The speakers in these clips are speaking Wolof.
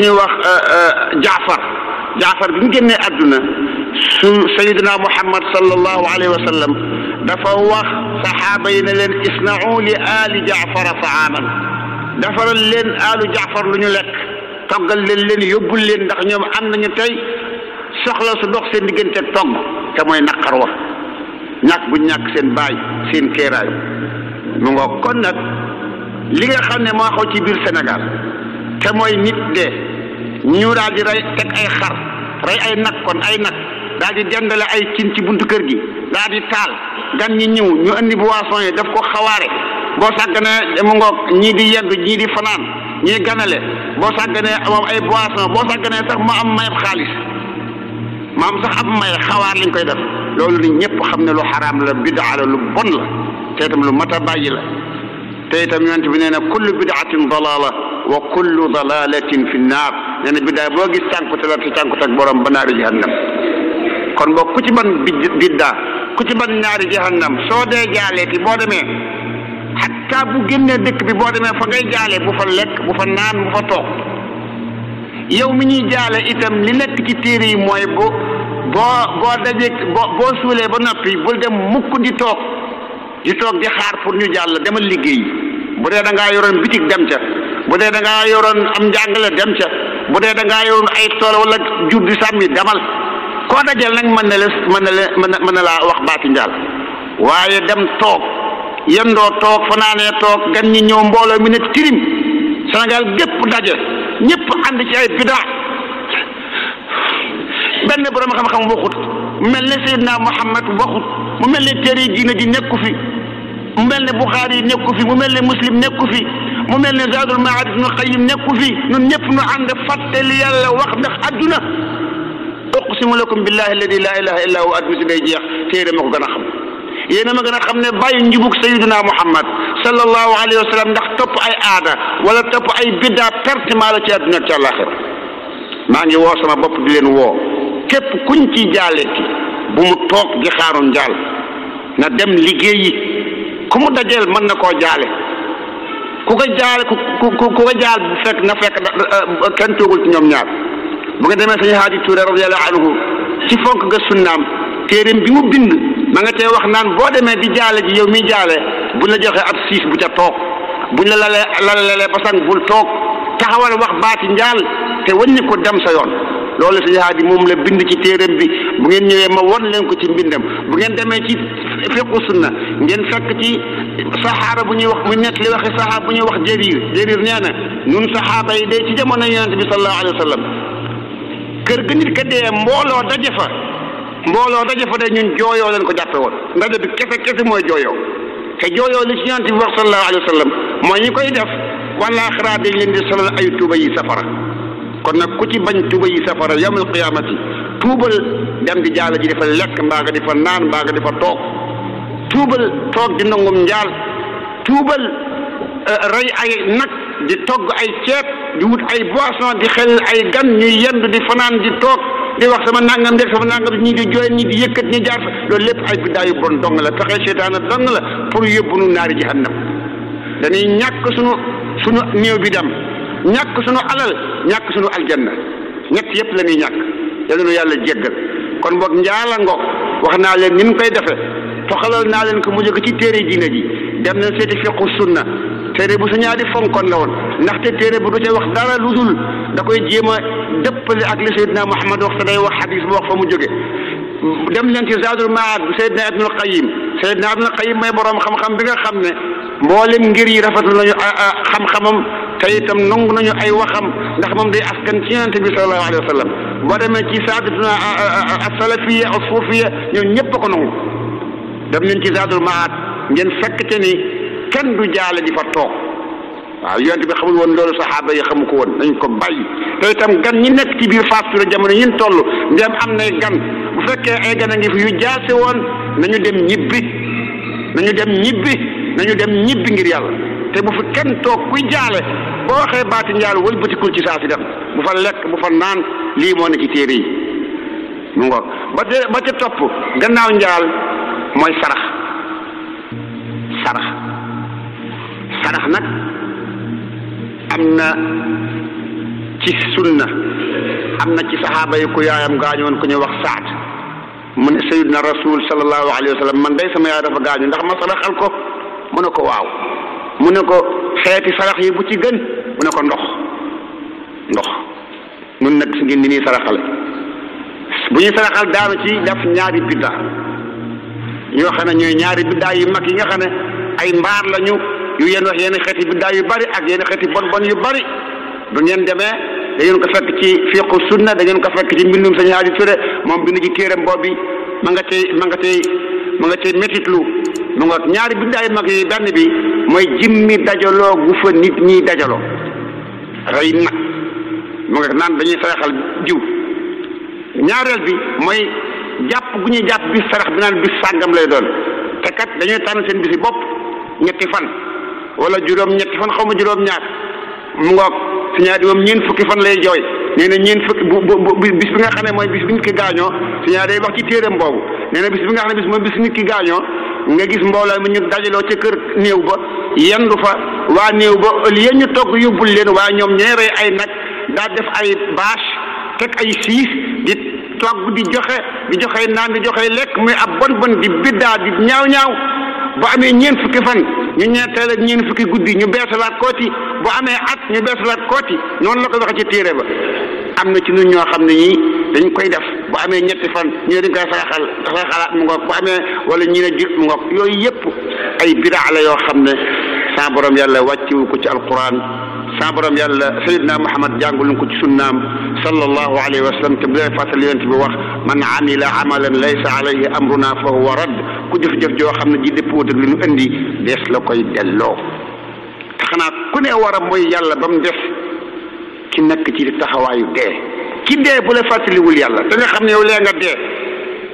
جعفر جعفر بن جنة أدنى سيدنا محمد صلى الله عليه وسلم دفع واخ صحابين لن اصنعوا لآل جعفر طعاما دفر لن آل جعفر لن لك تقل لن لن لن دخن يوم أمن يتاي سخلا صدق سن دقن تتطم كموي نقر واخ نك بو نك سن باي سن كيراي نغو كونك لغا خاني ما خوتي بير سنغال te mooy nit de ñu daal di rey teg ay xar rey ay nag kon ay nag daal di dendale ay cin ci buntu kër gi daldi taal gan ñi ñëw ñu indi boisson yi daf ko xawaare boo sàgganee mu ngoog ñii di yedd ñii di fanaan ñii ganale boo sàgganee moom ay boisson boo sàgganee sax mu am mayab xaalis am sax ab may xawaar lañ koy def loolu ni ñëpp xam ne lu xaraam la bidaa la lu bon la te itam lu mat a bàyyi la te itam yonent bi nee na kullu bidaatin dalaala وكل ضلالة في النار يعني بدا بوغي سانكو تلا سانكو تك بروم بنار جهنم كون بو كوتي بان بيدا كوتي بان نار جهنم سو دي جالي تي بو دمي حتى بو генن ديك بي بو دمي فغاي جالي بو فا ليك بو فا نان بو فا توك يوم ني جالي ايتام لي نيت كي تيري موي بو بو بو داجيك بو سولي بو نوبي بول دم موكو دي توك دي توك دي خار فور ني جال دمال ليغي بودي دا nga yoron bitik dem ca bu dee da ngaa yoroon am njàngale dem ca bu dee da ngaa yoroon ay tool wala jur di sàmmi demal koo dajal nag mën na la mën na la mën na laa wax baati njaal waaye dem toog yendoo toog fanaanee toog gan ñi ñëw mbooloo mi ne tirim Sénégal gépp daje ñëpp ànd ci ay bidaa benn borom xam-xam waxut mu mel ne Seydina Muhammad waxut mu mel ne téere diine ji nekku fi mu mel ne Buxaari yi nekku fi mu mel ne Muslim nekku fi mu mel ne zaadul maad ibnu qayim nekku fi ñun ñëpp ñu ànd fàttali yàlla wax ndax àdduna uqsimu lakum billahi alladi la ilaha illa huwa adduna si day jeex téere ma ko gën a xam yéen a ma gën a xam ne bàyyi njubug sayiduna muhammad sallallahu alayhi wa sallam ndax topp ay aada wala topp ay bidda pertement la ci àdduna ci àllaaxira maa ngi woo sama bopp di leen woo képp kuñ ci jaaleeti bu mu toog di xaaru njaal na dem liggéeyi ku mu dajeel mën na koo jaale ku ko jaal ku ku ku ko jaal fekk na fekk euh, euh, kenn toogul ci ñoom ñaar bu nga demee sañu Haadi Tuure radiyallahu anhu ci fonk ga sunnaam téeréem bi mu bind ma nga tey wax naan boo demee di jaale ji yow miy jaale bu la joxee ab siis bu ca toog buñ la lalee lalalee basang bul toog taxawal wax baati njaal te wàññi ko dem sa yoon loolu sañu Haadi moom la bind ci téeréem bi bu ngeen ñëwee ma won leen ko ci mbindam bu ngeen demee ci fiqu sunna ngeen fekk ci saxaaba bu ñuy wax mu nett li waxi saxaaba bu ñuy wax jarir jarir nee na nun saxaaba yi dee ci jamono yonente bi sallallahu kër ga nit ka dee mbooloo daje fa mbooloo daje fa de ñun jooyoo leen ko jàppe woon ndaje bi kese kese mooy jooyoo te jooyoo li ci yonente bi wax sallallahu mooy ñi koy def wala xaraa dañ leen di solal ay tuuba yi safara kon nag ku ci bañ tuuba yi safara yawmal qiyaamati tuubal dem di jaala ji di fa lekk mbaa nga di tuubal toog di nangum njaal tuubal euh, rey ay nag di togg ay ceeb di wut ay boisson di xel ay gan ñuy yendu di fanaan di toog di wax sama nangam deg sama nangam ñi di jooy ñi di yëkkat ñi jaar fa loolu lépp ay biddaa yu bon dong la pexe seytaana dong la pour yóbbu nu naari jahannam dañuy ñàkk sunu sunu néew bi dem ñàkk sunu alal ñàkk sunu aljanna ñett yëpp lañuy ñuy ñàkk yal na yàlla jéggal kon boog njaala ngoog wax naa leen ni ñu koy defe toxalal naa leen ko mu jóge ci téere diina ji dem nañ seeti fiqu sunna téere bu sa ñaari fonkoon la woon ndaxte téere bu du ca wax dara lu dul da koy jéem a dëppale ak li Seydina Muhammad wax te day wax xadis bu wax fa mu jóge dem leen ci Zaadul Maad Seydina Ibnul Qayyim Seydina Ibnul Qayyim may borom xam-xam bi nga xam ne mboolem ngir yi rafetlu nañu xam-xamam te itam nangu nañu ay waxam ndax moom day askan ci yonente bi sallallahu alayhi wa sallam boo demee ci saadatuna asalafiya asuufiya ñoom ñëpp a ko nangu dam leen ci zaadul maat ngeen fekk te ni kenn du jaale di fa toog waaw yonte bi xamul woon loolu saxaaba yi xamu ko woon nañ ko bàyyi te itam gan ñi nekk ci biir faas la jamono ñin toll ndem am nay gan bu fekkee ay gan a ngi fi yu jaase woon nañu dem ñibbi nañu dem ñibbi nañu dem ñibbi ngir yàlla te bu fi kenn toog kuy jaale boo waxee baati njaal wëlbatikul ci saa si dem bu fa lekk bu fa naan lii moo ne ci téere yi mu ngoog ba ca ba ca topp gannaaw njaal mooy sarax sarax sarax nag am na ci sunna am na ci saxaaba yi ku yaayam gaañoon ku ñuy wax saat mu ne sayidna rasul sallallahu alayhi wa sallam man day sama yaay dafa gaañu ndax ma saraxal ko mu ne ko waaw mu ne ko xeeti sarax yi bu ci gën mu ne ko ndox ndox nun nag si ngeen ni ñuy saraxal bu ñuy saraxal daanu ci def ñaari bidda ñoo xam ne ñooy ñaari biddaa yu mag yi nga xam ne ay mbaar lañu yu yéen wax yenn xeeti biddaa yu bari ak yenn xeeti bon bon yu bari bu ngeen demee da ngeen ko fekk ci fiqu sunna da ngeen ko fekk ci mbindum Sëñ Haaji Ture moom bind ci téeram boobu ma nga tey ma nga tey ma nga tey métitlu mu nga ñaari biddaa yu mag yi benn bi mooy jimmi dajaloo gu fa nit ñiy dajaloo rey nag mu nga naan dañuy saraxal jiw ñaareel bi mooy jàpp gu ñu jàpp bis sarax bi naan bis sàngam lay doon te kat dañuy tànn seen bisi bopp ñetti fan wala juróom ñetti fan xaw ma juróom ñaar mu ngoog si ñaari moom ñeent fukki fan lay jooy nee na ñeent fukki bu bu bis bi nga xam ne mooy bis bi nit ki gaañoo si ñaar day wax ci téeram boobu nee bis bi nga xam ne bis mooy bis nit ki gaañoo nga gis mbooloo mi ñu dajaloo ca kër néew ba yendu fa waa néew ba au lieu ñu togg yóbbul leen waa ñoom ñooy rey ay nag daa def ay toog guddi joxe di joxe naan di joxe lekk muy ab bon bon di biddaa di ñaaw ñaaw boo amee ñeen fukki fan ñu ñeenteel ak ñeen fukki guddi ñu beesalaat kooti boo amee at ñu beesalaat kooti noonu la ko waxee ci téere ba am na ci ñun ñoo xam ne ñii dañ koy def boo amee ñetti fan ñu ne dañ koy saxal saxalaat mu ngoog bu amee wala ñu ne jut mu ngoog yooyu yëpp ay bidaa la yoo xam ne sa yàlla wàcciwu ko ci alquran sa borom yàlla sayidna muhammad jàngul ko ci sunnaam sallallahu alayhi wa sallam te bu dee fàttali yonent bi wax man amila amalan laysa alayhi amruna fa huwa rad ku jëf-jëf joo xam ne ji dëppoo ak li nu indi dees la koy delloo te xanaa ku ne war a mooy yàlla ba mu def ki nekk ci taxawaayu dee ki dee bu la fàttaliwul yàlla da nga xam ne yow lee nga dee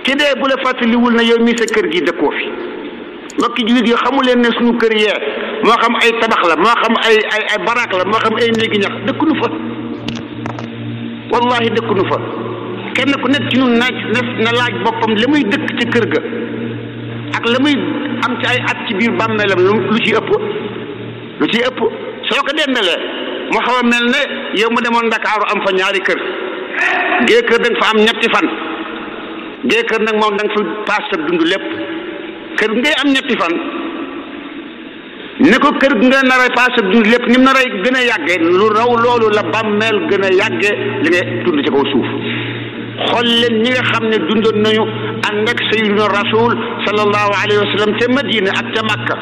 ki dee bu la fàttaliwul na yow mi sa kër gi dëkkoo fi mbokki julit yi xamu leen ne suñu kër yee moo xam ay tabax la moo xam ay ay ay baraak la moo xam ay néegi ñax dëkk nu fa wallahi dëkk nu fa kenn ku nekk ci ñun naaj na laaj boppam la muy dëkk ci kër ga ak la muy am ci ay at ci biir bàmmeelam lu ci ëpp lu ci ëpp soo ko dendalee moo xaw a mel ne yow ma demoon Ndakaaru am fa ñaari kër gée kër da nga fa am ñetti fan gée kër nag moom da nga fa paas lépp kër ngay am ñetti fan ni ko kër nga nar a paase dund lépp ni mu nar a gën a yàggee lu raw loolu la bàmmeel gën a yàggee li ngay dund ci kaw suuf xool leen ñi nga xam ne dundoon nañu ànd ak sayyidina rasul sallallahu alayhi wa sallam te Madina ak ca Makka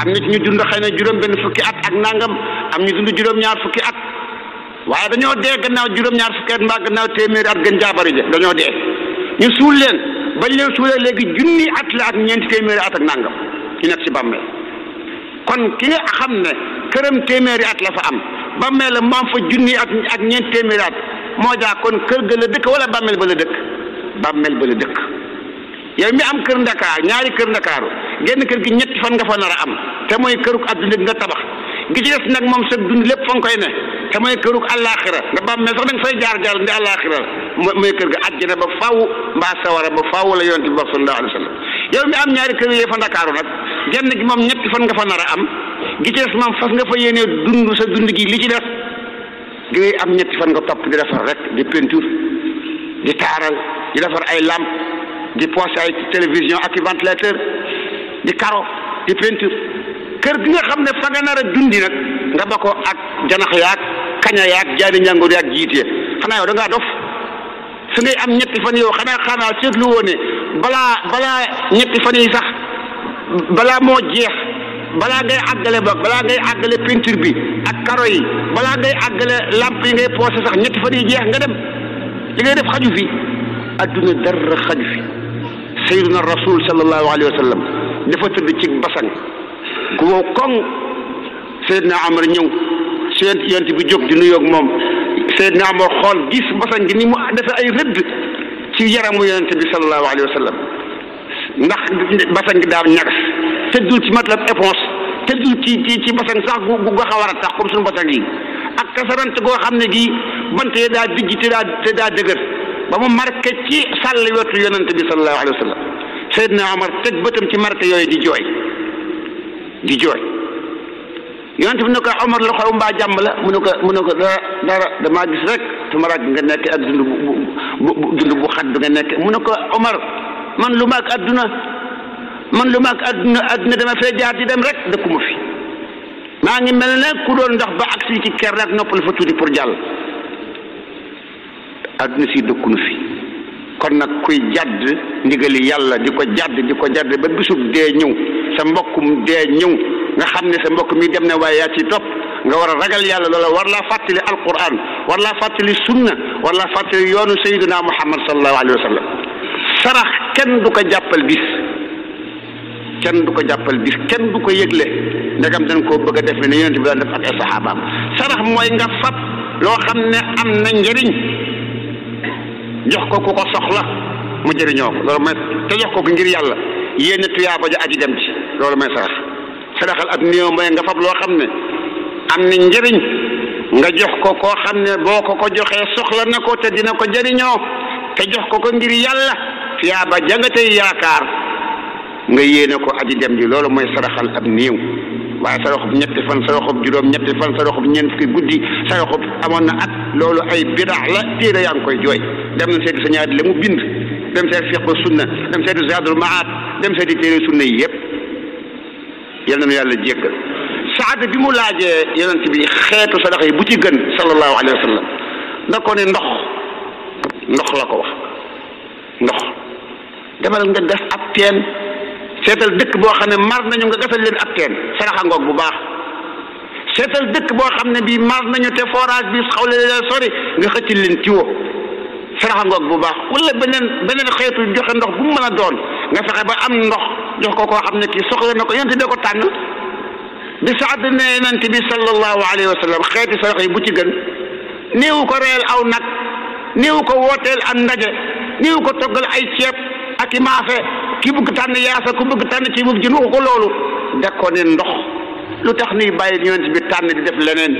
am na ñu dund xëy na juróom benn fukki at ak nangam am ñu dund juróom-ñaar fukki at waaye dañoo dee gannaaw juróom-ñaar fukki at mbaa gannaaw téeméeri at gën jaabari ja dañoo dee ñu suul leen bañ leen suulee léegi junni at la ak ñeenti téeméeri at ak nangam ñu nekk ci bàmmeel kon ki nga xam ne këram téeméeri at la fa am bàmmeel mu am fa junni at ak ñeent téeméeri at moo jaa kon kër ga la dëkk wala bàmmeel ba la dëkk bàmmeel ba la dëkk yow mi am kër ndakaar ñaari kër ndakaaru genn kër gi ñetti fan nga fa nar a am te mooy këru këruk àdduna nga tabax gi ci nag moom sa dund lépp fa nga koy ne te mooy këruk àllaaxira nga bàmmeel sax da nga fay jaar jaar ndi àllaaxira mooy kër ga àjjana ba faw mbaa sawara ba faw la yonent bi sallallahu alayhi wa sallam yow mi am ñaari kër yee nag genn gi moom ñetti fan nga fa nar a am gi ci des moom fas nga fa yéenee dund sa dund gi li ci des gi ngay am ñetti fan nga topp di defar rek di peinture di taaral di defar ay lampe di poche ay télévision ak i ventilateur di karo di peinture kër gi nga xam ne fa nga nar a dundi nag nga ba ko ak janax yaag kaña yaag jaani njàngoor yaag jiite xanaa yow da ngaa dof su ngay am ñetti fan yow xanaa xanaa seetlu woon ne balaa balaa ñetti fan yi sax balaa moo jeex balaa ngay àggale ba balaa ngay àggale peinture bi ak karo yi balaa ngay àggale lampe yi ngay poosé sax ñetti fan yi jeex nga dem li ngay def xaju fi adduna dara xaju fi sayyiduna rasul sallallahu alayhi wa sallam dafa tëdd ci basan ku wow koŋ sayyidna amar ñëw su yent bi jóg di nuyoog moom sayyidna amar xool gis basan gi ni mu defee ay rëdd ci yaramu yonent bi sallallahu alayhi wa sallam ndax basang daa ñagas te ci matlab éponge te ci ci ci sax gu gu xaw a tax comme suñu basang yi ak kasarante goo xam ne gi bant yi daa dijj te daa dëgër ba mu marqué ci sàll wetu yonent bi sallallahu alayhi wa bëtam ci marqué yooyu di jooy di jooy yonent bi ne ko Omar la xew mbaa jàmm la mu ne ko mu ko dara dara damaa gis rek sama rag nga nekk ak dund bu bu dund bu xat bi nga nekk mu ne ko Omar. man lu ma ak adduna man lu ma ak àdduna adduna dama fee jaar di dem rek dëkkuma fi maa ngi mel ne ku doon ndox ba ak agsi ci ker nag noppal fa tuuti pour jàll adduna si dëkkunu fi kon nag kuy jàdd ndigali yàlla di ko jàdd di ko jàdd ba bisub dee ñëw sa mbokkum dee ñëw nga xam ne sa mbokk mi dem na waaye yaa ci topp nga war a ragal yàlla loola war laa fàttali alquran war laa fàttali sunna war laa fàttali yoonu sayyiduna muhammad sallallahu alayhi wa sallam sarax kenn du ko jàppal bis kenn du ko jàppal bis kenn du ko yëgle ndegam dañ koo bëgg a def ne yonent bi daan def ak ay saxaabaam sarax mooy nga fab loo xam ne am na njëriñ jox ko ku ko soxla mu jëriñoo ko loolu mooy ngir yàlla yéen tuyaaba ja aji dem ci loolu mooy sarax saraxal nga fab loo xam ne am njëriñ nga jox ko koo xam ne boo ko ko joxee soxla ne ko te dina ko jëriñoo te jox ko ko ngir yàlla tiyaaba jangatey yaakaar nga yéene ko aji dem ji loolu mooy saraxal ab néew waaye saraxub ñetti fan saraxub juróom ñetti fan saraxub ñeent fukki guddi saraxub amoon na at loolu ay bidaax la téere yaa ngi koy jooy dem na seeti sa ñaari la mu bind dem seeti fiqu sunna dem seeti zaadul maat dem seeti téere sunna yi yëpp yal nu yàlla jéggal saad bi mu laajee yonent bi xeetu sadaxa yi bu ci gën sallallahu alayhi wa sallam ko ne ndox ndox la ko wax ndox demal nga def ab teen seetal dëkk boo xam ne mar nañu nga gasal leen ab teen saraxa ngoog bu baax seetal dëkk boo xam ne bii mar nañu te forage bi xawle la sori nga xëccil leen tiwo saraxa ngoog bu baax wala beneen beneen xeetu joxe ndox bu mu mën a doon nga fexe ba am ndox jox ko koo xam ne kii soxla na ko yonte bee ko tànn bi saad ne yonente bi sallallahu alayhi wa sallam xeeti sarax yi bu ci gën néewu ko reel aw nag néewu ko wooteel am ndaje néewu ko toggal ay ceeb ki maafe ki bëgg tànn yaasa ku bëgg tànn ci bub ji nu ko loolu da ko ne ndox lu tax nuy bàyyi yonent bi tànn di def leneen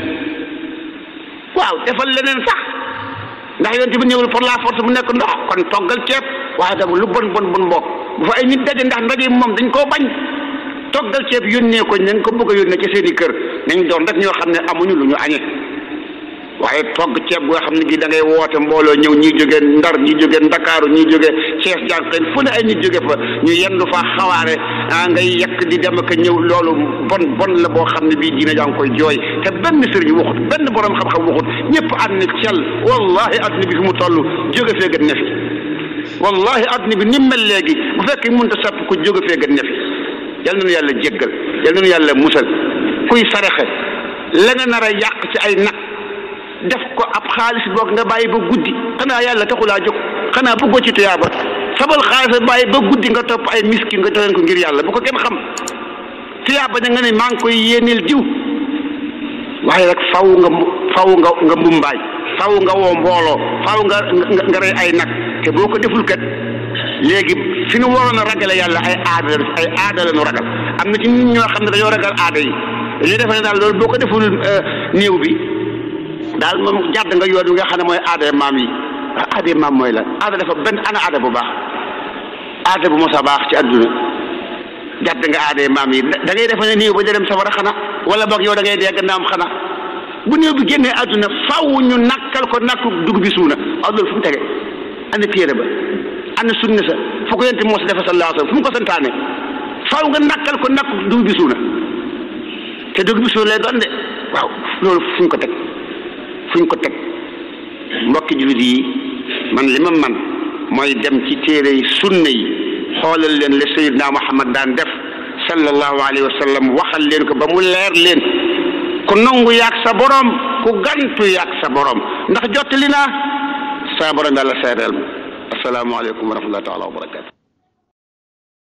waaw defal leneen sax ndax yonent bu ñëwul pour la force bu nekk ndox kon toggal ceeb waaye dama lu bon bon bon mbokk bu fa ay nit daje ndax ndaje moom dañ koo bañ toggal ceeb yónnee ko nañ ko bëgg a yónnee ci seen kër nañ doon rek ñoo xam ne amuñu lu ñu añee waaye togg ceeb goo xam ne gi da ngay woote mbooloo ñëw ñii jógee ndar ñii jógee ndakaaru ñii jógee Thiès jàng xëy fu ne ay nit jóge fa ñu yendu fa xawaare ah ngay yekk di dem ak ñëw loolu bon bon la boo xam ne bii dina jaa ngi koy jooy te benn sëriñ waxut benn borom xam-xam waxut ñëpp ànd na cel wallahi àdduna bi fi mu toll jóge fee gën ne fi wallahi àdduna bi ni mel léegi bu fekkee mënut a sàpp ko jóge fee gën ne fi yal nañu yàlla jéggal yal nañu yàlla musal kuy saraxe la nga nar a yàq ci ay nag def ko ab xaalis boog nga bàyyi ba guddi xanaa yàlla taxulaa jóg xanaa bëggoo ci tuyaaba sabal xaalis bàyyi ba guddi nga topp ay miskin nga joxeen ko ngir yàlla bu ko kenn xam tuyaaba da nga ne maa ngi koy yéeneel diw waaye rek faw nga faw nga nga mbumbaay faw nga woo mbooloo faw nga nga rey ay nag te boo ko deful kat léegi fi nu waroon a ragale yàlla ay aada ay aada nu ragal am na ci nit ñoo xam ne dañoo ragal aada yi dañuy defe ne daal loolu boo ko deful euh, néew bi daal moom jàdd nga yoon wi nga xam ne mooy aada maam ndax aada maam mooy lan aada dafa benn ana aada bu baax aada bu mos a baax ci adduna jàdd nga aada maam yi da ngay defe ne néew ba dem safara xana wala boog yow da ngay dee gànnaam xana bu néew bi génnee àdduna faw ñu nakkal ko nakku dugub bi suuna adduna fu mu tege ana téere ba ana sunna sa fu ko yonent moo defa sallallahu mu ko santaane faw nga nakkal ko nakku dugub bi suuna te dugub bi suuna lay doon de waaw loolu fu ñu ko teg fu ñu ko teg mbokki jullit yi man li ma man mooy dem ci téere yi sunna yi xoolal leen la sayidna muhammad daan def sallallahu alayhi wa sallam waxal leen ko ba mu leer leen ku nangu yaag sa borom ku gantu yaag sa borom ndax jottali naa saa borom yàlla seereel ma asalaamaaleykum wa rahmatullahi taala wa barakatu